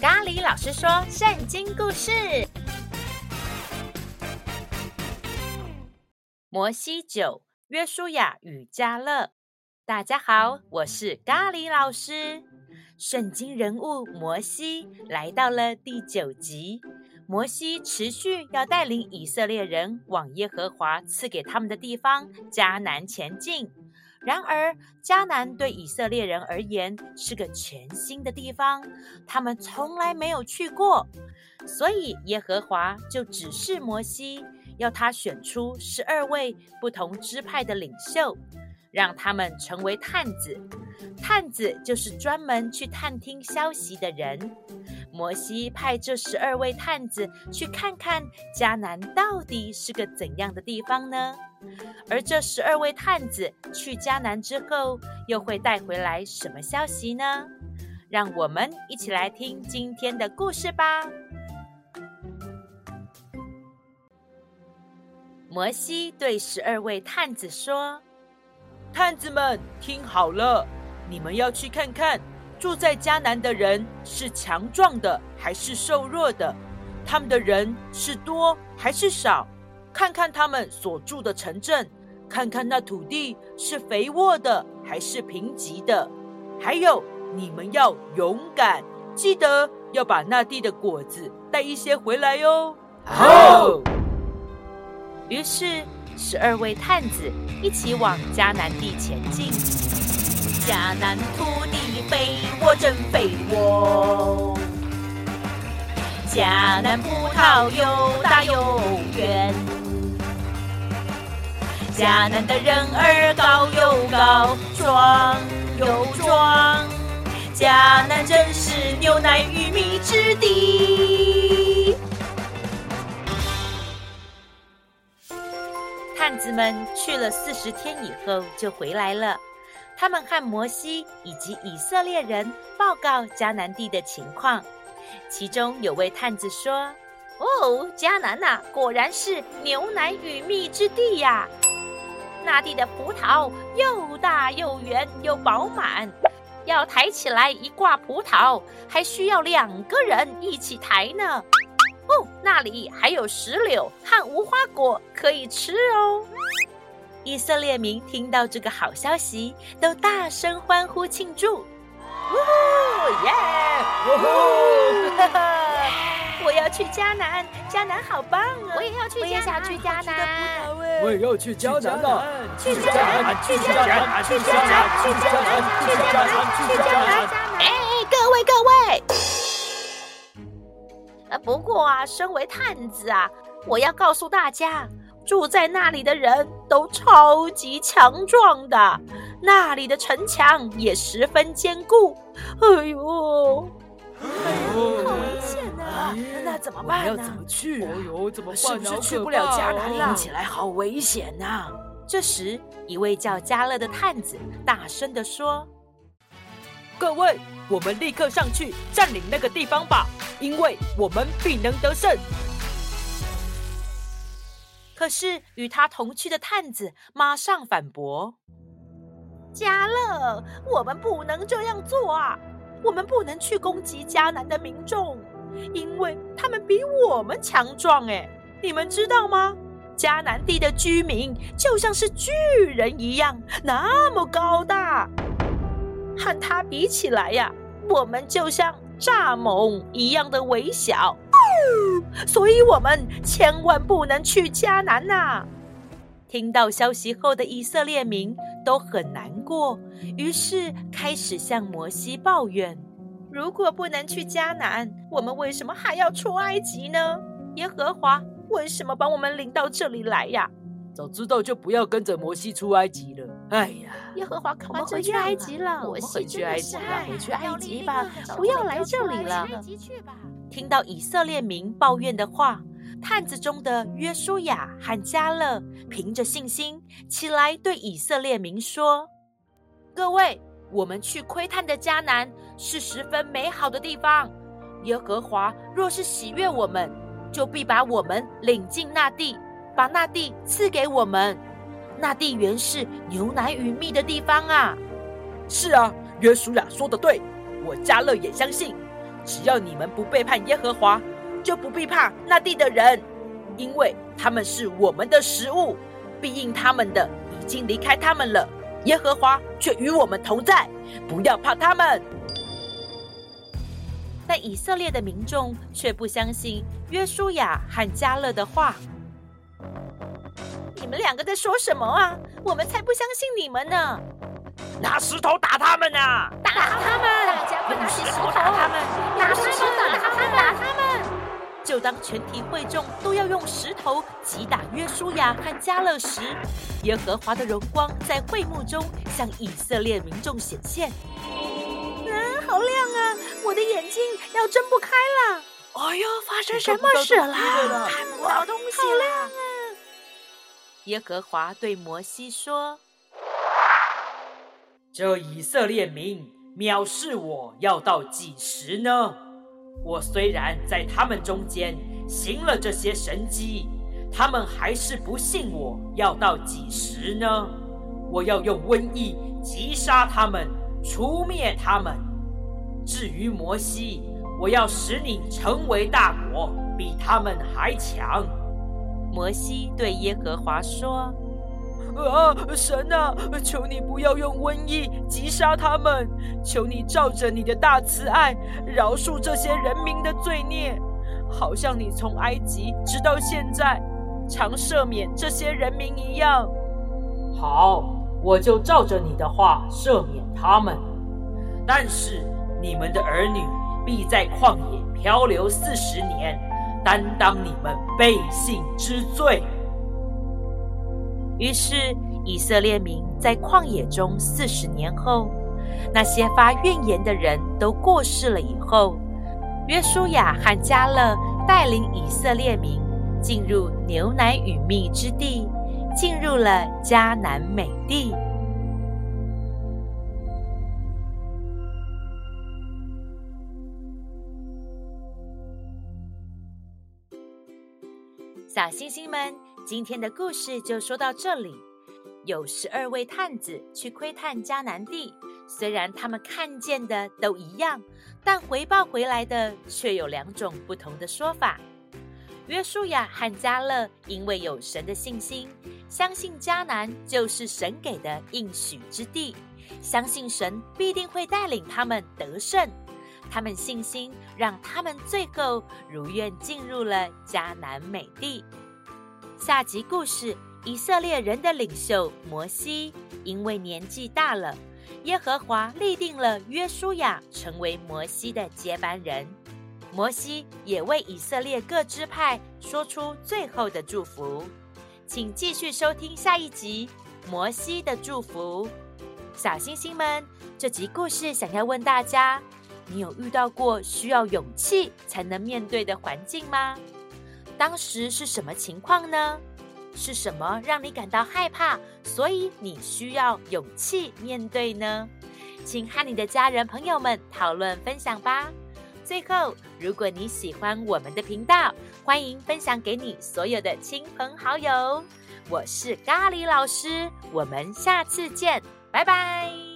咖喱老師說聖經故事：摩西九、約書亞與迦勒。大家好，我是咖喱老師。聖經人物摩西來到了第九集。摩西持續要帶領以色列人往耶和華賜給他們的地方迦南前進。然而，迦南對以色列人而言是個全新的地方，他們從來沒有去過，所以耶和華就指示摩西，要他選出十二位不同支派的領袖，讓他們成為探子。探子就是專門去探聽消息的人。摩西派這十二位探子，去看看迦南到底是個怎樣的地方呢？而這十二位探子去迦南之後，又會帶回來什麼消息呢？讓我們一起來聽今天的故事吧。摩西對十二位探子說：“探子們，聽好了，你們要去看看。”住在迦南的人是強壯的還是瘦弱的？他們的人是多還是少？看看他們所住的城鎮，看看那土地是肥沃的還是貧瘠的。還有，你們要勇敢，記得要把那地的果子帶一些回來喲、哦。好、Oh!。於是，十二位探子一起往迦南地前進。迦南土地。肥沃真肥沃，迦南葡萄又大又圓，迦南的人兒高又高，壯又壯，迦南真是牛奶玉米之地。探子們去了四十天以後就回來了。他們和摩西以及以色列人報告迦南地的情況，其中有位探子說：“哦，迦南吶、啊，果然是牛奶與蜜之地呀！那地的葡萄又大又圓又飽滿，要抬起來一掛葡萄還需要兩個人一起抬呢。哦，那裡還有石榴和無花果可以吃哦。”以色列民聽到這個好消息，都大聲歡呼慶祝。哦耶！哦吼！哈哈！我要去迦南，迦南好棒啊！我也要去，我也想去迦南。我也要去迦南的，去迦南，去迦南，去迦南，去迦南，去迦南，去迦南，去迦南！哎哎，各位各位。不過啊，身為探子啊，我要告訴大家。住在那裡的人都超級強壯的，那裡的城牆也十分堅固，哎呦，哎呦。哎呦，好危險啊、哎哎哎！那怎麼辦呢、啊？哎、啊哦、呦，怎麼辦、啊？是不是去不了迦南地？聽起來好危險吶、啊。這時，一位叫迦勒的探子大聲地說：“各位，我們立刻上去占領那個地方吧，因為我們必能得勝。”可是與他同去的探子馬上反駁：“迦勒，我們不能這樣做啊！我們不能去攻擊迦南的民眾，因為他們比我們強壯。哎，你們知道嗎？迦南地的居民就像是巨人一樣，那麼高大，和他比起來呀、啊，我們就像蚱蜢一樣的微小。 ”所以，我們千萬不能去迦南吶、啊！聽到消息後的以色列民都很難過，於是開始向摩西抱怨：“如果不能去迦南，我們為什麼還要出埃及呢？耶和華為什麼把我們領到這裡來呀、啊？”早知道就不要跟着摩西出埃及了。哎呀，耶和華，我們回去埃及了，我們回去埃及了，回去,去埃及吧，不要來這裡了。去聽到以色列民抱怨的話，探子中的約書亞和迦勒憑着信心起來，對以色列民說：“各位，我們去窺探的迦南是十分美好的地方。耶和華若是喜悅我們，就必把我們領進那地，把那地賜給我們。那地原是牛奶與蜜的地方啊！”是啊，約書亞說的對，我迦勒也相信。只要你們不背叛耶和華，就不必怕那地的人，因為他們是我們的食物。必應他們的已經離開他們了，耶和華卻與我們同在，不要怕他們。但以色列的民眾卻不相信約書亞和迦勒的話。你們兩個在說什麼啊？我們才不相信你們呢！拿石頭打他們吶、啊！打他們！我們去打，打他們，打他們，打他們！就當全體會眾都要用石頭擊打約書亞和迦勒時，耶和華的榮光在會幕中向以色列民眾顯現。嗯、啊，好亮啊！我的眼睛要睜不開了。哎呦，發生什麼事了？看不了東西了。亮、啊、耶和華對摩西說：“這以色列民。”藐視我要到幾時呢？我雖然在他們中間行了這些神蹟，他們還是不信我，要到幾時呢？我要用瘟疫擊殺他們，除滅他們。至於摩西，我要使你成為大國，比他們還強。摩西對耶和華說。啊、哦，神啊，求你不要用瘟疫擊殺他們，求你照着你的大慈愛，饒恕這些人民的罪孽，好像你從埃及直到現在，常赦免這些人民一樣。好，我就照着你的話赦免他們，但是你們的兒女必在曠野漂流四十年，擔當你們背信之罪。於是以色列民在曠野中四十年後，那些發怨言的人都過世了以後，約書亞和迦勒帶領以色列民進入牛奶與蜜之地，進入了迦南美地。小星星們。今天的故事就說到這裡。有十二位探子去窺探迦南地，雖然他們看見的都一樣，但回報回來的卻有兩種不同的說法。約書亞和迦勒因為有神的信心，相信迦南就是神給的應許之地，相信神必定會帶領他們得勝。他們信心讓他們最後如願進入了迦南美地。下集故事：以色列人的領袖摩西因為年紀大了，耶和華立定了約書亞成為摩西的接班人。摩西也為以色列各支派說出最後的祝福。請繼續收聽下一集《摩西的祝福》。小星星們，這集故事想要問大家：你有遇到過需要勇氣才能面對的環境嗎？當時是什麼情況呢？是什麼讓你感到害怕？所以你需要勇氣面對呢？請和你的家人朋友們討論分享吧。最後，如果你喜歡我們的頻道，歡迎分享給你所有的親朋好友。我是咖喱老師，我們下次見，拜拜。